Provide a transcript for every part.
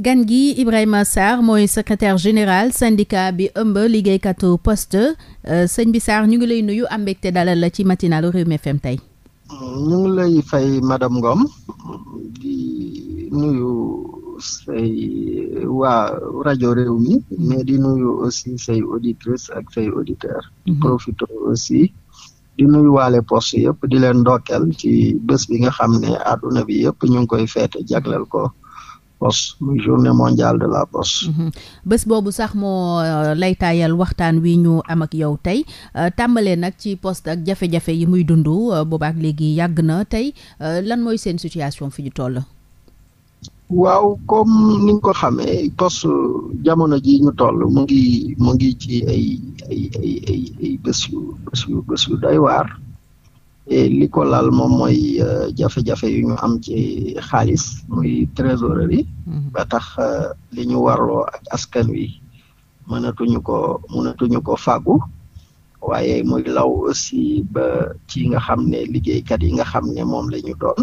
gan gi Ibrahima Sarr mooy secretaire général syndicat bi ëmb liggéeykatu poste euh, sëñ bi Sarr ñu ngi lay nuyu am mbégte dalal la ci matinalu Rewmi FM tey. ñu ngi fay madame Ngom di nuyu say mais di nuyu aussi say auditrices ak say auditeurs. di mhm. profiter aussi di nuyu waale poste yëpp di leen ndokkeel ci bés bi nga xam ne àdduna bi yëpp ñu ngi koy feete jagleel ko. poste mu journée mondiale de la poste. Mhm. bés boobu sax moo euh, lay waxtaan wi ñu am ak yow tey euh, tàmbale nag ci post ak jafe-jafe yi muy dund euh, boobaak léegi yàgg na tey lan mooy seen situation fi ñu toll. waaw comme ni ko xamee poste jamono ji ñu toll mu ngi mu ngi ci ay ay ay ay yu bés yu bés yu doy waar. li ko laal moom mooy euh, jafe-jafe yu ñu am ci xaalis muy trésorerie mm-hmm. ba tax euh, li ñu warloo ak askan wi mënatuñu ko mënatuñu ko fàggu waaye muy law aussi ba ci nga xam ne liggéeykat yi nga xam ne moom la ñu doon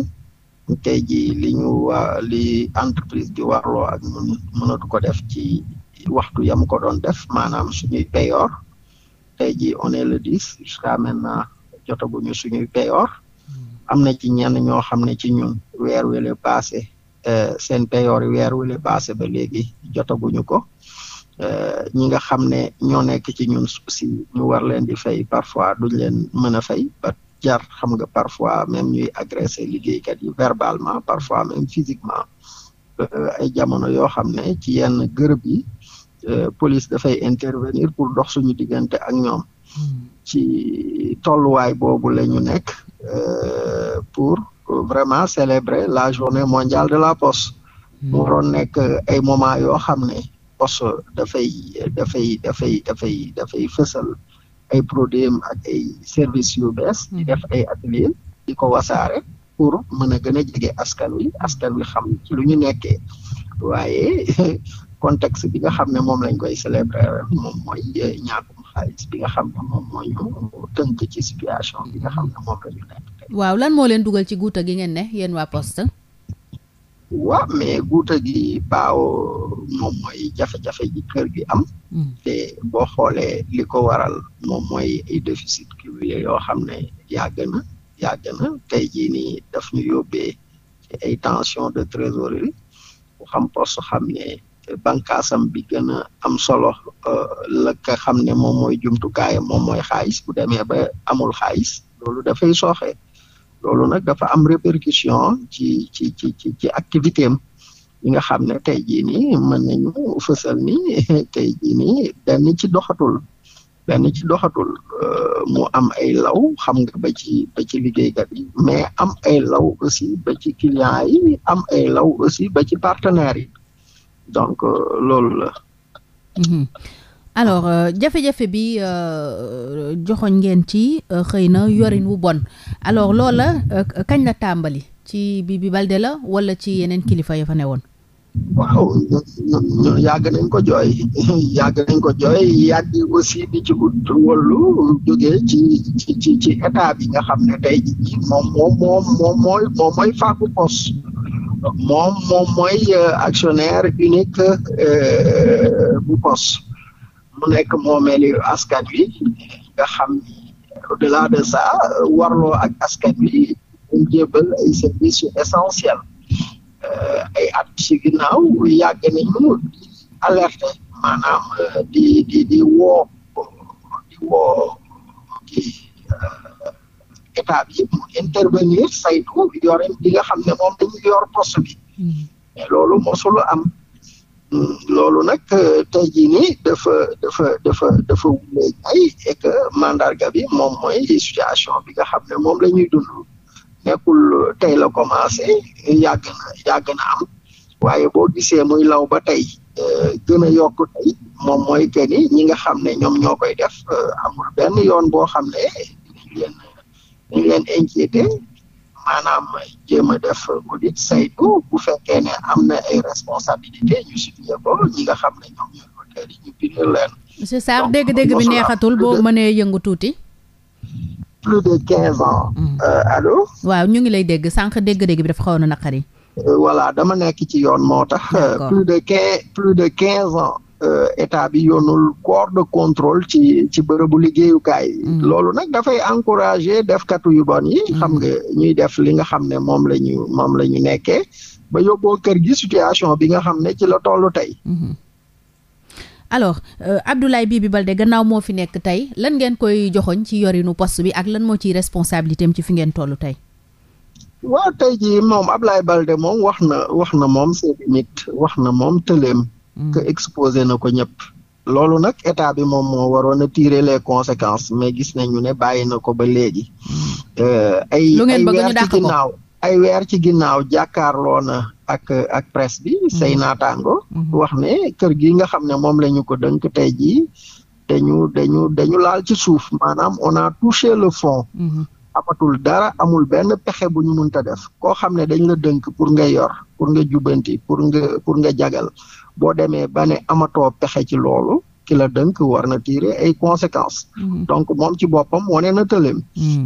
tey jii li ñu waa li entreprise di warloo ak mun mënatu ko def ci waxtu yam ko doon def maanaam suñuy payoor tey jii on est le dix jusqu'à maintenant jotaguñu suñuy payoor am na ci ñenn ñoo xam ne ci ñun weer wele passé euh, seen payoor yi weer wele passé ba léegi jotaguñu ko euh, ñi nga xam ne ñoo nekk ci ñun si ñu war leen di fay parfois duñ leen mën a fay ba jar xam nga parfois même ñuy agressé liggéeykat yi verbalement parfois même physiquement euh, ay jamono yoo xam ne ci yenn gërëb yi police dafay intervenir pour dox suñu diggante ak ñoom ci tolluwaay boobu la ñu nekk euh, pour vraiment célébrer la journée mondiale de la poste hmm. mu nekk ay moment yoo xam ne poste dafay dafay dafay dafay dafay fësal ay produits ak ay services yu bees di def ay atelier di ko wasaare pour mën a gën a jege askan wi askan wi xam ci lu ñu nekkee waaye contexte bi nga xam ne moom lañ koy célébrer moom mooy ñaaku xaalis bi nga xam ne moom moo ñu tënk ci situation bi nga xam ne moom la ñu nekk. waaw lan moo leen dugal ci guuta gi ngeen ne yéen waa poste. waaw mais guuta gi baaw moom mooy jafe-jafe ji kër gi am. Hmm. te boo xoolee li ko waral moom mooy ay déficit cumulé yoo xam ne yàgg na yàgg na tey jii nii daf ñu yóbbee ci ay tension de trésorerie ku xam poste xam ne. bànqaasam bi gën a am solo euh, la nga xam ne moom mooy jumtukaayam moom mooy xaayis bu demee ba amul xaalis loolu dafay soxe loolu nag dafa am répercussion ci ci ci ci ci activité am yi nga xam ne tey jii nii mën nañu fësal ni tey jii nii benn ci doxatul benn ci doxatul euh, mu am ay law xam nga ba ci ba ci liggéeykat mais am ay law aussi ba ci client yi am ay law aussi ba ci partenaires yi donc euh, loolu la. Mhm. alors euh, jafe-jafe bi euh, joxoñ ngeen ci xëy na yorin wu bon alors loola kañ la tàmbali ci bi bi Balde la wala ci yeneen kilifa ya fa newoon. waaw yàgg nañ ko jooy yàgg nañ ko jooy yàgg aussi di ci ut wàllu ci ci ci état bi nga xam ne tey jii moom moom moom moom mooy moom pos moom moom mooy euh, actionnaire euh, bu pos mu nekk moomeelu askan wi nga xam ni au-delà de ça warloo ak askan wi ñu ay at ci ginnaaw yàgg nañu alerte maanaam euh, di di di woo di woo kii euh, état bi mu intervenir saytu yorin bi nga xam ne moom dañu yor poste bi hmm. mais mosul am hmm, loolu nag euh, te jii nii dafa dafa dafa dafa wulee ay et que mandarga bi moom mooy situation bi nga xam ne moom la ñuy dund nekkul tey la commencé yàgg na yàgg na am waaye boo gisee muy law ba tey euh, gën a yokk tey moom mooy que ñi nga xam ne ñoom ñoo koy def euh, amul benn yoon boo xam ne leen leen inquiété maanaam jéem a def audit saytu bu fekkee ne am na ay responsabilité ñu situé ko ñi nga xam ne ñoom ñooy auteurs yi ñu bindal leen. monsieur Sarr dégg-dégg bi neexatul boo mënee yëngu tuuti. plus de quinze ans. Mm-hmm. Euh, allo. waaw ñu ngi lay dégg sànq dégg-dégg bi dafa xawoon na naqari. Euh, voilà dama nekk ci yoon moo tax. plus de quinze plus de quinze ans. Euh, état bi yoonul corps de contrôle ci ci bërëbu liggéeyukaay. Mm-hmm. loolu nag dafay encourager defkatu yu bon yi. xam nga mm-hmm. ñuy def li nga xam ne moom la ñu moom la ñu nekkee ba yóbboo kër gi situation bi nga xam ne ci la tollu tey. alors euh, Abdoulaye Bibi Baldé gannaaw moo fi nekk tey lan ngeen koy joxoñ ci yorinu poste bi ak lan moo ciy responsabilité ci fi ngeen toll tey. waaw tey jii moom Abdoulaye Baldé moom wax na wax na moom ses limites wax na moom tëleem. Hmm. que exposé na ko ñëpp. loolu nag état bi moom moo waroon a tiire les conséquence mais gis nañu ne bàyyi na ko ba léegi. Hmm. Euh, ay lu ngeen bëgg ñu dàq ko ay weer ci ginnaaw jàkkaarloo na ak ak presse bi mhm. say naataango mhm. ne kër gi nga xam ne moom la ñu ko dënk tey jii dañu dañu dañu laal ci suuf maanaam on a touché le fond mhm. amatul dara amul benn pexe bu ñu mënta def koo xam ne dañ la dënk pour nga yor pour nga jubanti pour nga pour nga jagal boo demee ba ne amatoo pexe ci loolu ki dënk war na tirer ay conséquences donc moom ci boppam wane na tëleem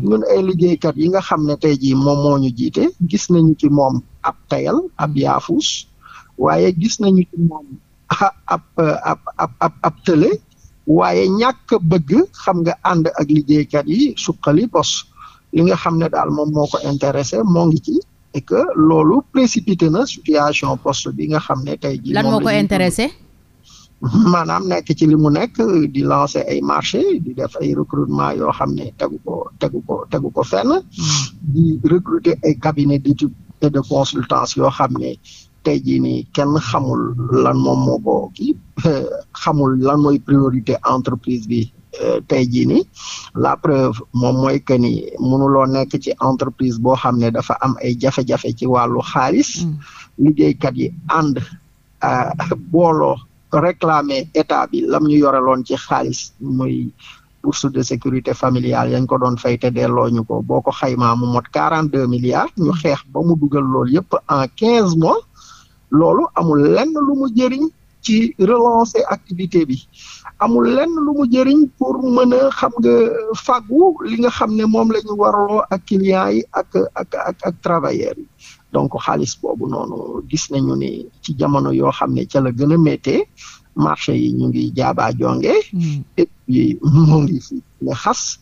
ñun ay liggéeykat yi nga xam ne tey jii moom moo ñu jiite gis nañu ci moom ab tayal ab yaafus waaye gis nañu ci moom ab tële waaye ñàkk bëgg xam nga ànd ak liggéeykat yi suqali bos li nga xam ne daal moom moo ko intéressé moo ngi ci et que loolu précipité na situation poste bi nga xam ne tey jii lan intéressé maanaam nekk ci li mu nekk di lancer ay marché di def ay recrutement yoo xam ne tegu ko tegu ko tegu ko fenn di recruter et de consultance yoo xam ne tey jii nii kenn xamul lan moom moo ko kii xamul lan mooy priorité entreprise bi euh, tey jii nii la preuve moom mooy que ni mënuloo nekk ci entreprise boo xam ne dafa am ay jafe-jafe ci wàllu xaalis mm. liggéeykat yi ànd euh, booloo réclamer état bi lam ñu yoreloon ci xaalis muy bourse de sécurité familiale yañ ko doon fay te delloo ñu ko boo ko xaymaa mu mot quarante deux milliards ñu xeex ba mu dugal loolu yëpp en quinze mois loolu amul lenn lu mu jëriñ ci relancer activité bi amul lenn lu mu jëriñ pour mën a xam nga fagu li nga xam ne moom la ñu waraloo ak clients yi ak ak ak ak travailleurs yi donc xaalis boobu noonu gis nañu ni ci jamono yoo xam ne ca la gën a méttee marché yi ñu ngi jaabaa jonge hmm. et mu ngi fi ne xas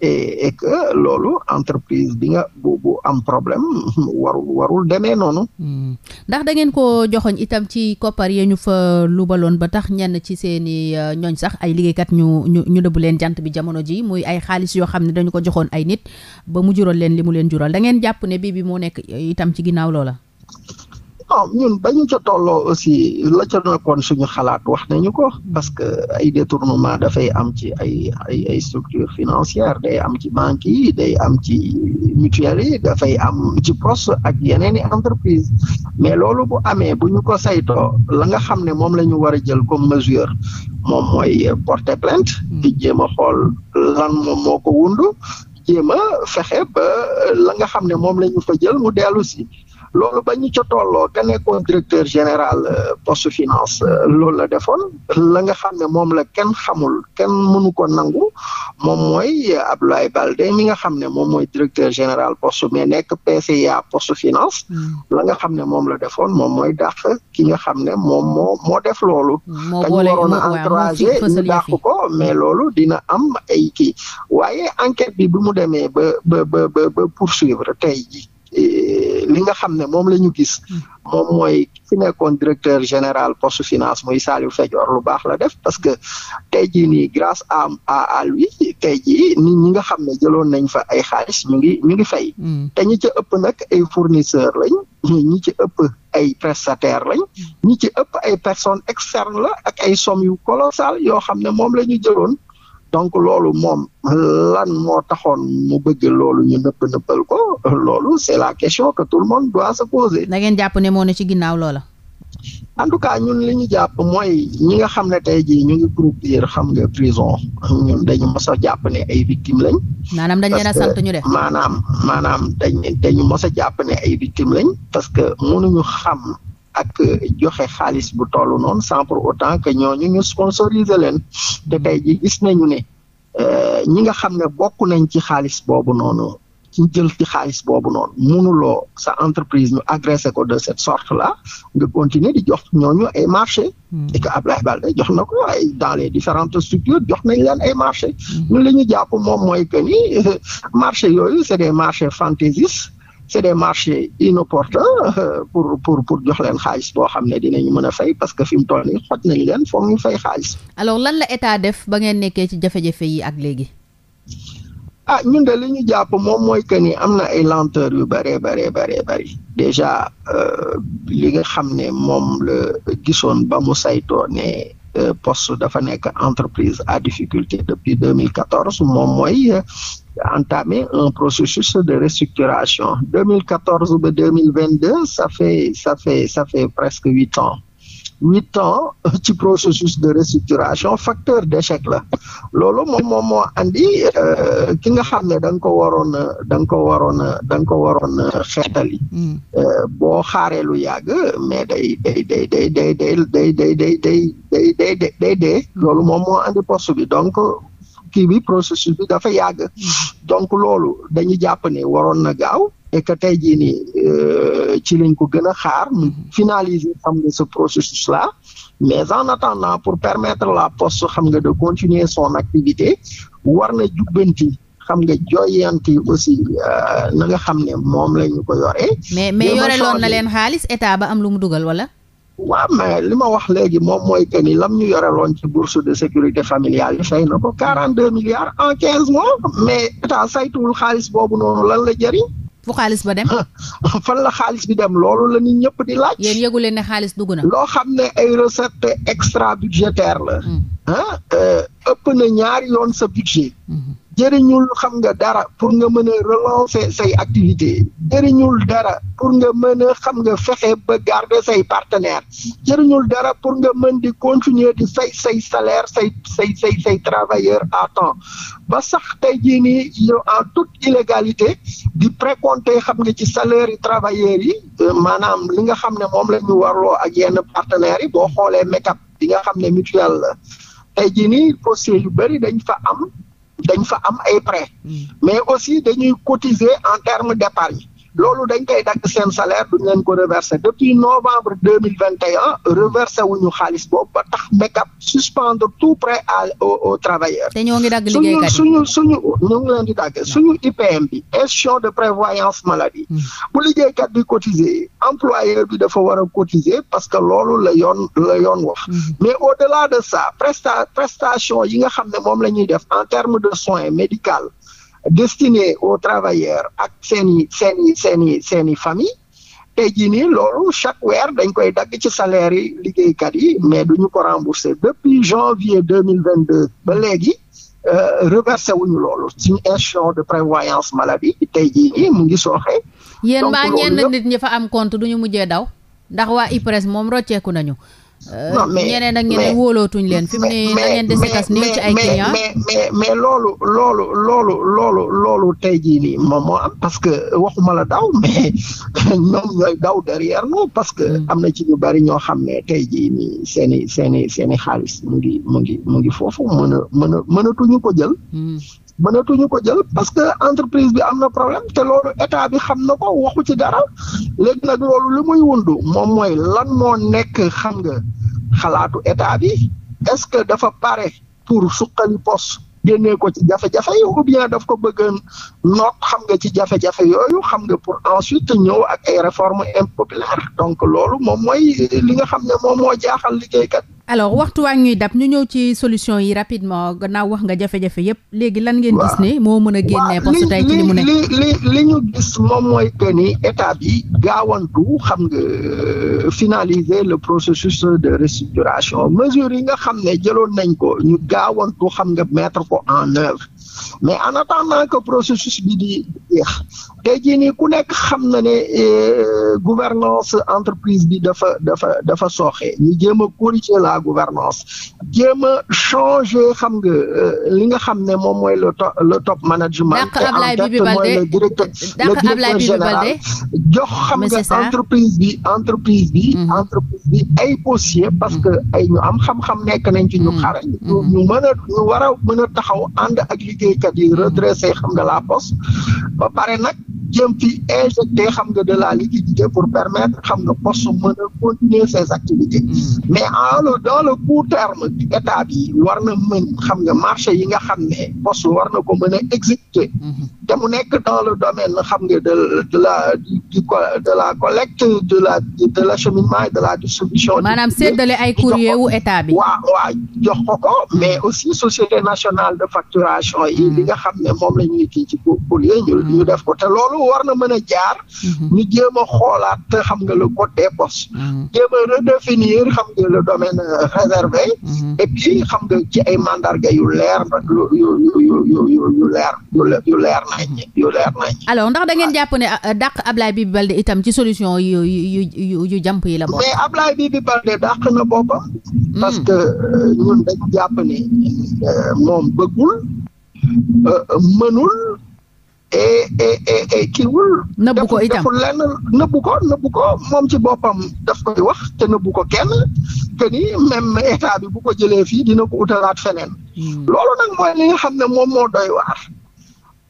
et et loolu entreprise bi nga bu am problème warul warul demee noonu. Hmm. ndax dangeen ko joxoñ itam ci koppar yee ñu fa lubaloon ba tax ñenn ci seen i euh, ñooñ sax ay liggéeykat ñu ñu ñu dëbb leen jant bi jamono ji muy ay xaalis yoo xam ne dañu ko joxoon ay nit ba mu jural leen li mu leen jural da ngeen jàpp ne bii bi moo nekk itam ci ginnaaw loola. non ñun bañu ca tolloo aussi la ca nekkoon suñu xalaat wax nañu ko parce que ay détournement dafay am ci ay ay ay structures financières day am ci banques yi day am ci mutuelle yi dafay am ci poste ak yeneen i entreprise mais loolu bu amee bu ñu ko saytoo la nga xam ne moom la ñu war a jël comme mesure moom mooy porter plainte hmm. di jéem a xool lan moom moo ko wundu jéem a fexe ba la nga xam ne moom la ñu fa jël mu dellu si loolu ba ñu ca tolloo ka nekkoon directeur général euh, poste finance euh, loolu la defoon la nga xam ne moom la kenn xamul kenn mënu ko nangu moom mooy euh, Abdoulaye Baldé mi nga xam ne moom mooy directeur général post mais nekk PCA poste finance hmm. la nga xam ne moom la defoon moom mooy dàq ki nga xam ne moom moo moo def loolu ñu hmm, dañu waroon a encourager ñu dàq ko mais loolu dina am ay kii waaye enquête bi bi mu demee ba ba ba ba poursuivre tey ji li nga xam ne moom la ñu gis moom mooy fi nekkoon directeur général post finance muy Saliou Fédior lu baax la def parce que tey jii nii grâce a à lui tey jii nit ñi nga xam ne jëloon nañ fa ay xaalis ñu ngi ñu ngi fay mm. te ci ëpp nag ay fournisseur lañ ñi ci ëpp ay prestataire lañ ñi ci ëpp ay personnes externes la ak ay sommes yu colossales yoo xam ne moom la ñu jëloon donc loolu moom lan moo taxoon mu bëgg loolu ñu nëpp nëppal ko loolu c'est la question que tout le monde doit se poser. da ngeen jàpp ne moo ne ci ginnaaw loola. en tout cas ñun li ñu jàpp mooy ñi nga xam ne tey jii ñu ngi croupir xam nga prison ñun dañu mos a jàpp ne ay victimes lañ. maanaam dañ leen a def maanaam maanaam dañ dañu mos a jàpp ne ay victimes lañ. parce que ñu xam ak joxe xaalis bu toll noonu sans pour autant que ñooñu ñu sponsoriser leen te tey ji gis nañu ne euh, ñi nga xam ne bokk nañ ci xaalis boobu noonu ci jël ci xaalis boobu noonu mënuloo sa entreprise ñu agressé ko de cette sorte la nga continuer di jox ñooñu ay marché hmm. et que Abdoulaye Baldé jox na ko ay dans les différentes structures jox nañ leen ay marché hmm. ñun li ñu jàpp moom mooy que ni marché yooyu c'est des marchés fantaisistes c'est des marchés inopportuns euh, pour pour pour jox leen xaalis boo xam ne dinañu mën a fay parce que fi mu toll nii xoj nañ leen foog ñu fay xaalis. alors lan la état def ba ngeen nekkee ci jafe-jafe yi ak léegi. ah ñun de li ñu jàpp moom mooy que ni am na ay lenteur yu bëree bëree bëree bëri déjà euh, li nga xam ne moom la gisoon ba mu saytoo ne Euh, poste dafa nekk entreprise à difficulté depuis 2014 moom mooy euh, entamé un processus de restructuration 2014 ba 2022 ça fait ça fait ça fait presque huit ans huit ans ci processus de restructuration facteur d'échec la loolu moom moom moo andi ki nga xam ne da nga ko waroon da nga ko waroon da nga ko waroon xeetali boo xaaree lu yàgg mais day day day day day day day day day day day day day day dee loolu moom moo andi poste bi donc kii bi processus bi dafa yàgg donc loolu dañu jàpp ne waroon na gaaw et tey jii nii euh, ci lañ ko gën a xaar mu mm-hmm. finaliser xam nga ce processus là mais en attendant pour permettre la poste xam nga de continuer son activité war na jubbanti xam nga jooyanti aussi euh, na nga xam ne moom lay ñu ko yore. mais mais yore loon na leen xaalis état ba am lu mu dugal wala. waaw mais li ma wax léegi moom mooy que ni lam ñu loon ci bourse de sécurité familiale yi fay na ko quarante deux milliards en quinze mois mais état saytuwul xaalis boobu noonu lan la jëriñ. fu xaalis ba dem. fan la xaalis bi dem loolu la nit ñëpp di laaj. yéen yëgu leen ne xaalis dugg na. loo xam ne ay recette extra budgétaire la. Mm-hmm. ah euh, ëpp na ñaari yoon sa budget. Mm-hmm. jëriñul xam nga dara pour nga mën a relancer say activité jëriñul dara pour nga mën a xam nga fexe ba garder say partenaire jëriñul dara pour nga mën di continuer di fay say salaire say say say say à temps ba sax tey jii ni yow en toute illégalité di précompter xam nga ci salaire yi travailleurs yi euh, maanaam li nga xam ne moom la ñu warloo ak yenn partenaires yi boo xoolee make-up bi nga xam ne mutuelle la tey jii nii poste yu bëri dañ fa am dañ fa am ay prêts hmm. mais aussi dañuy cotiser en termes d' épargne loolu dañ koy dagg seen salaire duñ leen ko reversé depuis novembre deux mille vingt et un reversé wuñu xaalis boobu ba tax MECAP suspendre tout prêt à au au travailleurs. te ñoo ngi dagg liggéeykat suñu suñu suñu ñu ngi leen di dagg suñu IPM bi institution de prévoyance maladie. Hmm. bu kat bi cotiser employeur bi dafa war a cotiser parce que loolu la yoon la yoon wax. Hmm. mais au delà de ça presta prestation yi nga xam ne moom la ñuy def en terme de soins médicaux. destiné aux travailleurs ak seen i seen i seen i seen famille tey jii nii loolu chaque weer dañ koy dagg ci salaire yi liggéeykat yi mais du ñu ko remboursé depuis janvier deux mille vingt deux ba léegi euh, reversé wuñu loolu suñu institution de prévoyance maladie tey ji nii mu ngi sooxee. yéen mbaa ñenn nit ñi fa am compte du ñu mujjee daw ndax waa IPRES moom rocceeku nañu. Euh, non mais ñeneen ak ñeneen wóolootuñ leen fi mu mais mais mais loolu loolu loolu loolu loolu tey jii nii moom moo am parce que waxuma la daw mais ñoom ñooy daw derrière nous parce que mm. am na ci ñu bari ñoo xam ne tey jii nii seen i seen seen i xaalis mu ngi mu ngi mu ngi foofu mën a mën a mënatuñu ko jël mm. mënatuñu ko jël parce que entreprise bi am na problème te loolu état bi xam na ko waxu ci dara léegi nag loolu li moy wundu moom mooy lan moo nekk xam nga xalaatu état bi est-ce que dafa pare pour suqali poste génnee ko ci jafe-jafe yi bien daf ko bëgg noot xam nga ci jafe-jafe yooyu xam nga pour ensuite ñëw ak ay réformes impopulaires donc loolu moom mooy li nga xam ne moom moo jaaxal liggéeykat alors waxtu waa ñuy dab ñu ñëw ci solution yi rapidement gannaaw wax nga jafe-jafe yépp léegi lan ngeen gis ne moo mën a génnee poste tey ci li mu ne li li li ñu gis moom mooy que ni état bi gaawantu xam nga euh, finaliser le processus de restructuration mesure yi nga xam ne jëloon nañ ko ñu gaawantu xam nga mettre ko en œuvre mais en attendant que processus bi di jeex tey ku nekk xam na ne euh, gouvernance entreprise bi dafa dafa dafa sooxe ñu jéem a corriger la gouvernance jéem a changer xam nga euh, li nga xam ne moom mooy le top le top management. te en tête mooy le directeur le directeur général jox xam nga entreprise bi entreprise bi. Mhm. entreprise ay possier parce que ay ñu am xam-xam nekk nañ ci ñu mhm. xarañ. Mhm. ñu mën a war a mën a taxaw ànd ak liggéey. a yi redressé xam nga la poste ba pare nag jëm fi injecté xam nga de la liquidité pour permettre xam nga post mën a continuer ses activités mm. mais en le dans le court terme état bi war na xam nga marché yi nga xam ne poste war na ko mën a exécuter mm-hmm. te mu nekk dans le domaine xam nga de de la du de la collecte de la de l'acheminement et de la distribution. maanaam séddale ay courrier wu état bi. waaw waaw jox ko ko mais aussi société nationale de facturation yi hmm. li nga xam ne moom la ñuy kii ci courrier ñu hmm. ñu def ko te loolu war na mën a jaar. Hmm. ñu jéem a xoolaat xam nga la code des postes. jéem a redéfinir xam nga le domaine euh, réservé. et puis xam nga ci ay mandarga yu leer yu yu yu leer yu leer na. naññ yu leer alors ndax da ngeen ah. jàpp ne euh, dàq Ablaye Bibi Baldé itam ci solution yu yu yu yu yi la bokk mais Ablaye Bibi Baldé dàq na boppam hmm. parce que euh, ñun dañ jàpp ne euh, moom bëggul mënul et et et kiiwul. nëbbu ko itam deful lenn ko nëbbu ko moom ci boppam daf koy wax te nëbbu ko kenn que ni même état bi bu ko jëlee fii dina ko utalaat feneen. Hmm. loolu nag mooy li xam ne moom moo doy waar.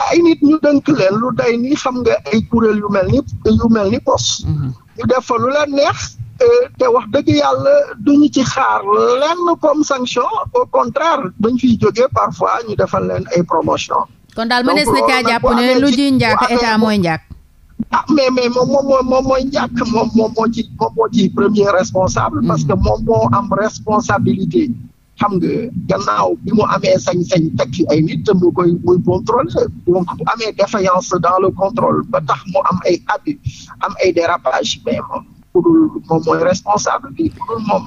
ay nit ñu dënk leen lu day ni xam nga ay kuréel yu mel ni yu mel ni pos mhm. ñu def fa lu leen neex euh, te wax dëgg yàlla duñu ci xaar lenn comme sanction au contraire dañ fiy jógee parfois ñu defal leen ay promotion kon daal mënees na caa jàpp ne euh, lu ji njàkk état mooy njàkk ah mais mais moom mooy njàkk moom moom moo ci moom moo ci premier responsable parce mhm. que moom moo am responsabilité xam nga gannaaw bi mu amee sañ-sañ teg ci ay nit mu koy muy contrôler donc bu amee défaillance dans le contrôle ba tax mu am ay abus am ay dérapage mais moom kudul moom mooy responsable bi kudul moom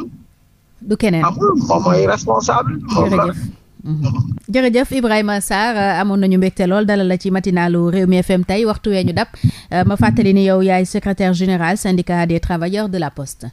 du keneen moom mooy responsable bi moom mhm. amoon nañu mbégte lool dalal la ci matinalu Rewmi FM tey waxtu wee ñu dab euh, ma fàttali ni yow yaay secretaire général syndicat des travailleurs de la poste